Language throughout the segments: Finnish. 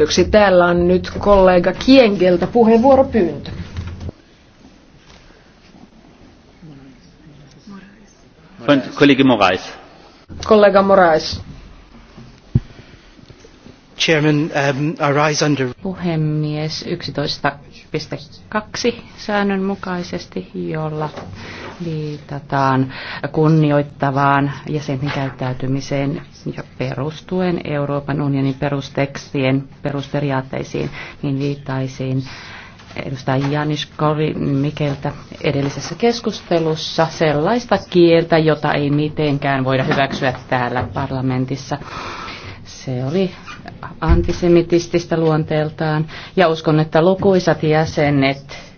Yksi täällä on nyt kollega Kiengeltä puheenvuoropyyntö. Kollega Morais. Kollega Morais. Chairman, um, rise under... Puhemies 11.2 säännön mukaisesti, jolla viitataan kunnioittavaan jäsenten käyttäytymiseen ja perustuen Euroopan unionin perustekstien perusperiaatteisiin, niin viittaisiin edustaja Janis Kori Mikeltä edellisessä keskustelussa sellaista kieltä, jota ei mitenkään voida hyväksyä täällä parlamentissa. Se oli antisemitististä luonteeltaan ja uskon, että lukuisat jäsenet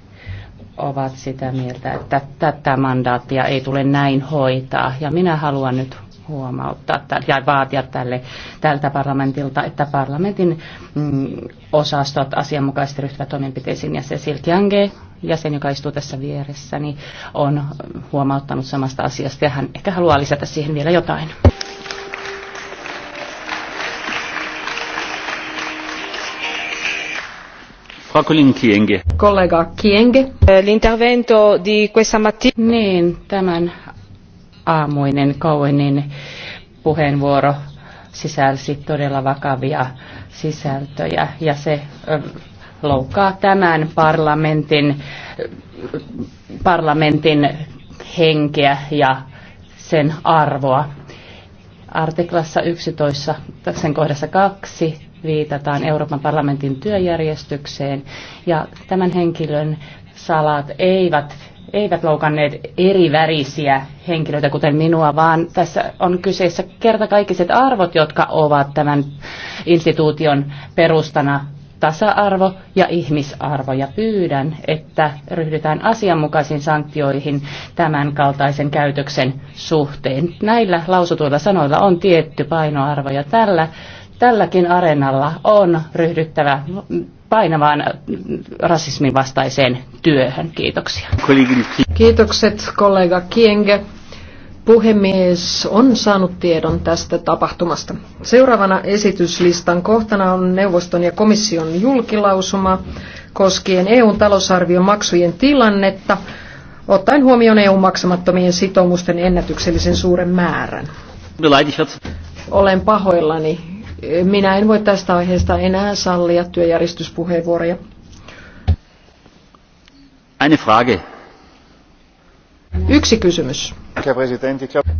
ovat sitä mieltä, että tätä mandaattia ei tule näin hoitaa. Ja minä haluan nyt huomauttaa ja vaatia tälle, tältä parlamentilta, että parlamentin mm, osastot asianmukaisesti ryhtyvät toimenpiteisiin. Ja Cecil ja jäsen, joka istuu tässä vieressä, niin on huomauttanut samasta asiasta ja hän ehkä haluaa lisätä siihen vielä jotain. Kollega Kienge. L'intervento di questa mattina. Niin, tämän aamuinen kauinen puheenvuoro sisälsi todella vakavia sisältöjä ja se loukkaa tämän parlamentin, parlamentin henkeä ja sen arvoa. Artiklassa 11, sen kohdassa 2 viitataan Euroopan parlamentin työjärjestykseen ja tämän henkilön salat eivät eivät loukanneet eri värisiä henkilöitä, kuten minua, vaan tässä on kyseessä kertakaikkiset arvot, jotka ovat tämän instituution perustana tasa-arvo ja ihmisarvo. Ja pyydän, että ryhdytään asianmukaisiin sanktioihin tämän kaltaisen käytöksen suhteen. Näillä lausutuilla sanoilla on tietty painoarvo ja tällä tälläkin areenalla on ryhdyttävä painamaan rasismin vastaiseen työhön. Kiitoksia. Kiitokset kollega Kienge. Puhemies on saanut tiedon tästä tapahtumasta. Seuraavana esityslistan kohtana on neuvoston ja komission julkilausuma koskien EUn talousarvion maksujen tilannetta, ottaen huomioon EUn maksamattomien sitoumusten ennätyksellisen suuren määrän. Olen pahoillani minä en voi tästä aiheesta enää sallia työjärjestyspuheenvuoroja. Eine Frage. Yksi kysymys.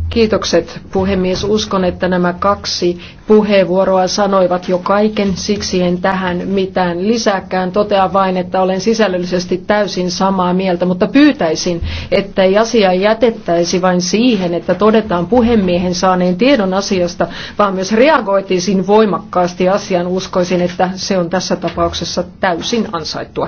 Kiitokset puhemies. Uskon, että nämä kaksi puheenvuoroa sanoivat jo kaiken, siksi en tähän mitään lisääkään. Totea vain, että olen sisällöllisesti täysin samaa mieltä, mutta pyytäisin, että ei asiaa jätettäisi vain siihen, että todetaan puhemiehen saaneen tiedon asiasta, vaan myös reagoitisin voimakkaasti asian. Uskoisin, että se on tässä tapauksessa täysin ansaittua.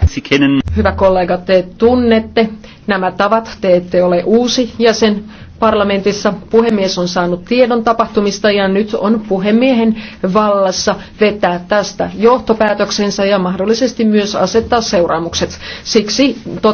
Hyvä kollega, te tunnette nämä tavat, te ette ole uusi jäsen, parlamentissa puhemies on saanut tiedon tapahtumista ja nyt on puhemiehen vallassa vetää tästä johtopäätöksensä ja mahdollisesti myös asettaa seuraamukset. Siksi totesin,